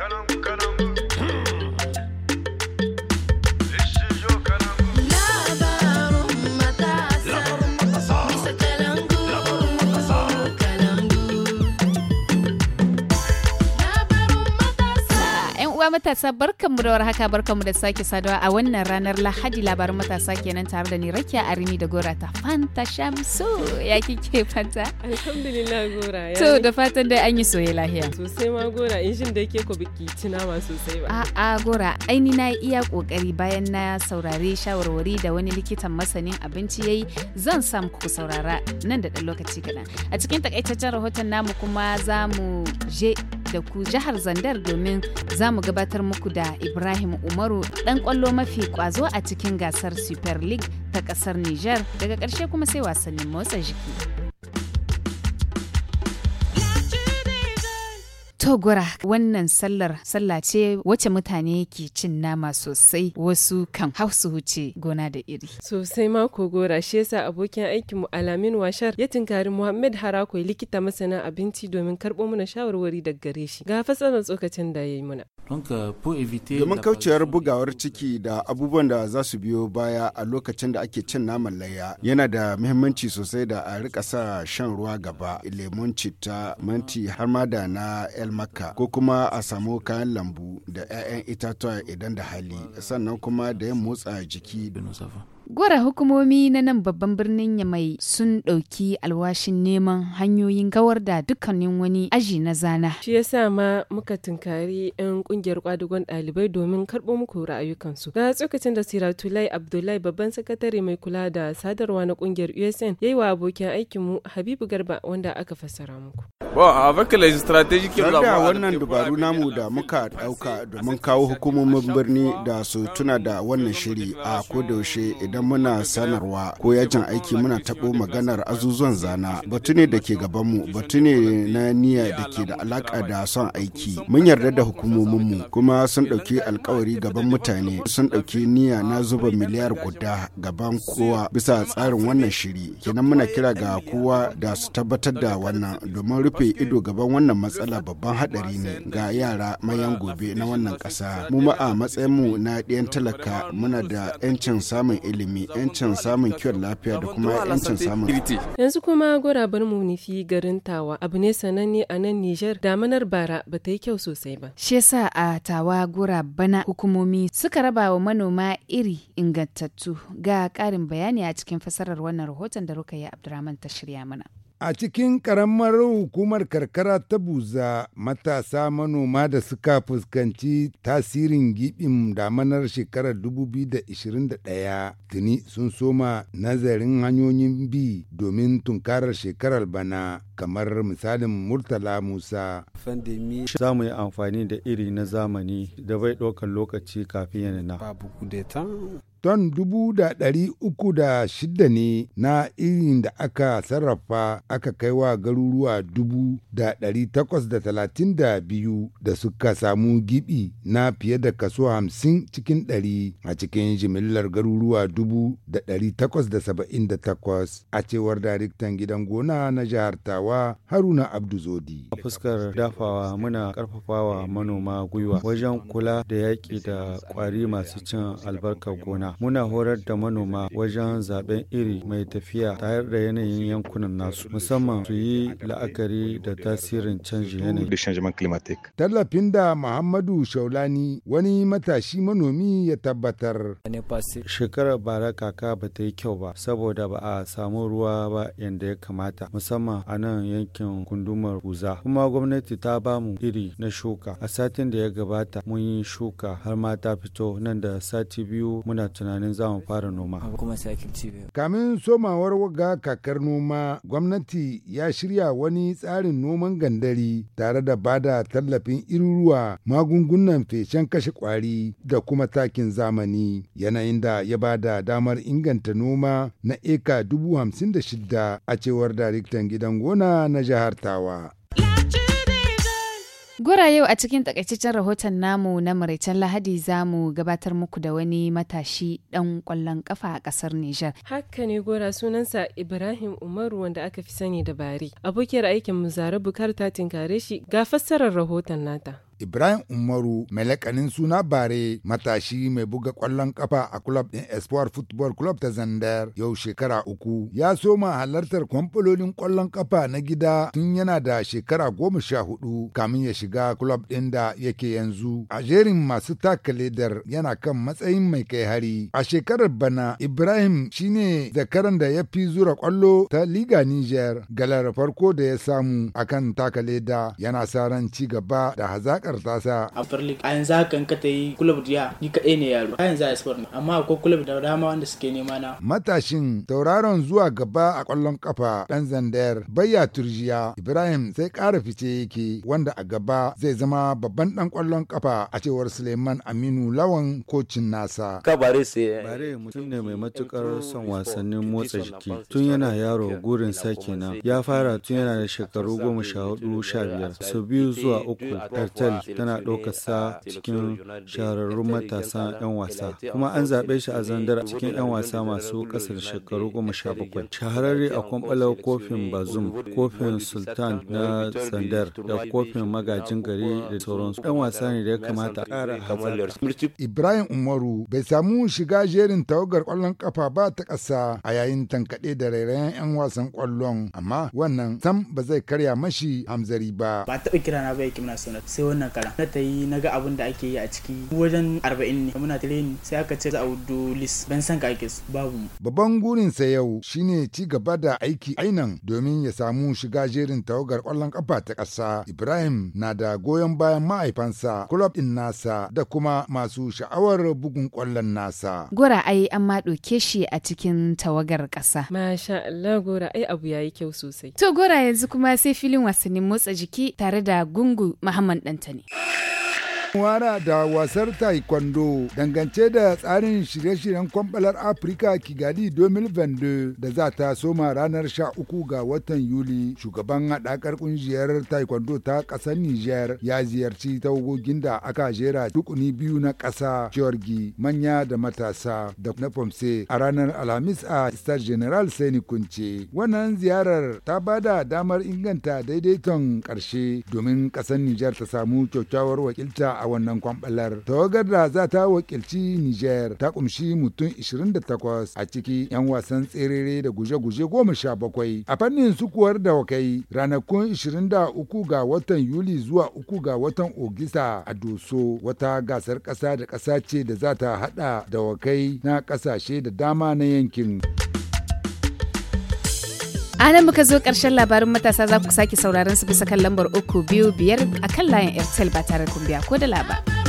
Tell them, tell matasa barkanmu da warhaka barkanmu da sake saduwa a wannan ranar Lahadi labarin matasa kenan tare da ni Rakiya Arimi da Gora ta Fanta Shamsu ya kike fanta. Alhamdulillah Gora ya. To da fatan dai an yi soyayya lahiya. Sosai ma Gora in shin da ke ku biki ma sosai ba. A'a Gora aini na iya kokari bayan na saurari shawarwari da wani likitan masanin abinci yayi zan sa ku saurara nan da dan lokaci kaɗan. A cikin takaitaccen rahoton namu kuma za mu je da ku jihar Zandar domin za mu gabatar muku da Ibrahim Umaru ɗan ƙwallo mafi ƙwazo a cikin gasar Super League ta ƙasar Niger daga ƙarshe kuma sai wasannin motsa jiki. To wannan sallar sallah ce wacce mutane ke cin nama sosai wasu kan hausu wuce gona da iri. Sosai mako gora shi yasa abokin aikin mu Alamin Washar ya tinkari Muhammad harakoi likita masana abinci domin karɓo mana shawarwari daga gare shi. Ga fasalar tsokacin da ya yi muna. domin kaucewar bugawar ciki da abubuwan da za su biyo baya a lokacin da ake cin naman layya yana da muhimmanci sosai da a rika sa shan ruwa gaba lemon citta manti har ma da na el maka ko kuma a samu kayan lambu da 'ya'yan itatuwa idan da hali sannan kuma da yin motsa jiki Gwara hukumomi na nan babban birnin Yamai sun ɗauki alwashin neman hanyoyin kawar da dukkanin wani aji na zana. Shi ya sa ma muka tunkari 'yan ƙungiyar kwadugon ɗalibai domin karɓo muku ra'ayukansu. ga tsokacin da Siratulai Abdullahi babban sakatare mai kula da sadarwa na ƙungiyar USN yi wa abokin aikinmu Habibu Garba wanda aka fassara muku. da wannan dabaru namu da muka ɗauka domin kawo hukumomin birni da su tuna da wannan shiri a yaushe idan muna sanarwa ko yajin aiki muna taɓo maganar azuzuwan zana batu ne da ke gabanmu batu ne na niyya da ke da alaƙa da son aiki mun yarda da hukumominmu kuma sun ɗauki alkawari gaban mutane sun ɗauki niyya na zuba miliyar guda gaban kowa bisa tsarin wannan shiri kenan muna kira ga kowa da su tabbatar da wannan domin rufe rufe ido gaban wannan matsala babban hadari ne ga yara mayan gobe na wannan kasa Mu ma a matsayinmu na ɗiyan talaka muna da 'yancin samun ilimi, 'yancin samun kiwon lafiya da kuma 'yancin samun. Yanzu kuma gora bar mu nufi garin Tawa abu ne sananne a nan Nijar damanar bara ba ta yi kyau sosai ba. Shi yasa a Tawa gora bana hukumomi suka raba wa manoma iri ingantattu ga ƙarin bayani a cikin fasarar wannan rahoton da Rukayya Abdurrahman ta shirya mana. A cikin ƙaramar hukumar karkara ta buza matasa manoma da suka fuskanci tasirin giɓin damanar shekarar 2021 tuni sun soma nazarin hanyoyin bi domin tunkarar shekarar bana kamar misalin Murtala Musa. Za mu yi amfani da iri na zamani da bai ɗaukar lokaci kafin yana na. ton dubu da ɗari uku da shida ne na irin da aka sarrafa aka kai wa garuruwa dubu da ɗari takwas da talatin da biyu da suka samu gibi na fiye da kaso hamsin cikin ɗari a cikin jimillar garuruwa dubu da ɗari takwas da saba'in da takwas a cewar daraktan gidan gona na jihar tawa haruna abduzodi. a fuskar dafawa muna karfafawa manoma gwiwa wajen kula da yaƙi da kwari masu cin albarkar gona muna horar da manoma wajen zaben iri mai tafiya tare da yanayin yankunan nasu musamman su yi la'akari da tasirin canji yanayi. Tallafin da Muhammadu Shaulani wani matashi manomi ya tabbatar. Shekarar bara kaka ba ta yi kyau ba saboda ba a samu ruwa ba yadda ya kamata musamman a nan yankin gundumar guza Kuma gwamnati ta ba mu iri na shuka. A satin da ya gabata mun yi shuka har ma ta fito nan da sati biyu muna tunanin za mu fara noma. Kamin somawar waga kakar noma, gwamnati ya shirya wani tsarin noman gandari tare da bada tallafin iruruwa magungunan feshen kashe kwari da kuma takin zamani yanayin da ya bada damar inganta noma na eka dubu hamsin da shida a cewar daraktan gidan gona na jihar Tawa. Gora yau a cikin takaitaccen rahoton namu na maraicen Lahadi za mu gabatar muku da wani matashi dan kwallon kafa a kasar Nijar. Haka ne Gora sunansa Ibrahim Umaru wanda aka fi sani da Bari. Abokiyar aikin mu Zara Bukar ta tinkare shi ga fassarar rahoton nata. Ibrahim Umaru mai lakanin suna bare matashi mai buga ƙwallon ƙafa a club ɗin Espoir Football Club ta Zandar yau shekara uku ya soma halartar kwamfalolin ƙwallon ƙafa na gida tun yana da shekara goma sha hudu kamin ya shiga club ɗin da yake yanzu. A jerin masu taka ledar yana kan matsayin mai kai hari. A shekarar bana Ibrahim shine zakaran da ya fi zura ƙwallo ta Liga Niger galar farko da ya samu akan taka leda yana sa ran ci gaba da hazaƙar alakar ta sa a farli a yanzu haka ka ta yi kulub ya ni ka ne yaro a yanzu a espoir ne amma akwai kulub da dama wanda suke nema na matashin tauraron zuwa gaba a kwallon kafa dan zandayar bayya turjiya ibrahim sai kara fice yake wanda a gaba zai zama babban dan kwallon kafa a cewar suleiman aminu lawan kocin nasa kabare sai bare mutum ne mai matukar son wasannin motsa jiki tun yana yaro gurin sa ya fara tun yana da shekaru goma sha hudu sha biyar sau biyu zuwa uku tartel tana ɗaukar sa cikin shahararrun matasa 'yan wasa kuma an zaɓe shi a zandar cikin 'yan wasa masu ƙasar shekaru goma sha bakwai. Shahararre a kwamfalar kofin Bazum, kofin Sultan na Zandar da kofin magajin gari da sauransu. 'Yan wasa ne da ya kamata a ƙara hazarta. Ibrahim Umaru bai samu shiga jerin tawagar ƙwallon kafa ba ta ƙasa a yayin tankaɗe da rairayen 'yan wasan ƙwallon amma wannan sam ba zai karya mashi hamzari ba. Ba taɓa kira na ba ya muna sai wannan karan na ta yi na ga abin da ake yi a ciki wajen arba'in ne muna training sai aka ce za a wudu lis ban san ka ake su babu babban gurinsa yau shine ci gaba da aiki ainan domin ya samu shiga jerin tawagar kwallon kafa ta ƙasa ibrahim na da goyon bayan mahaifansa club din nasa da kuma masu sha'awar bugun kwallon nasa gora ai an ma ɗauke shi a cikin tawagar ƙasa masha Allah gora ai abu yayi kyau sosai to gora yanzu kuma sai filin wasannin motsa jiki tare da gungu muhammad dan আসেনি Wana da wasar taekwondo dangance da tsarin shirye-shiryen kwambalar Afirka Kigali 2022 da za ta soma ranar 13 ga watan Yuli. Shugaban haɗakar ƙungiyar taekwondo ta ƙasar Nijar ya ziyarci tawagogin da aka jera tukuni biyu na ƙasa Georgi manya da matasa da na Fomse a ranar Alhamis a Star General Saini Kunce. Wannan ziyarar ta bada damar inganta daidaiton ƙarshe domin ƙasar Nijar ta samu kyakkyawar wakilta a wannan kwamɓalar. Tawagar da za ta wakilci Niger ta kumshi mutum 28 a ciki 'yan wasan tserere da guje-guje 17. A fannin sukuwar da wakai ranakun 23 ga watan Yuli zuwa 3 ga watan Ogista a Doso wata gasar ƙasa da ƙasa ce da za ta haɗa da wakai na ƙasashe da dama na yankin. A nan muka zo ƙarshen labarin matasa za ku sake sauraron su bisa kan lambar uku biyu biyar a kan layin Airtel ba tare kun biya ko da labar.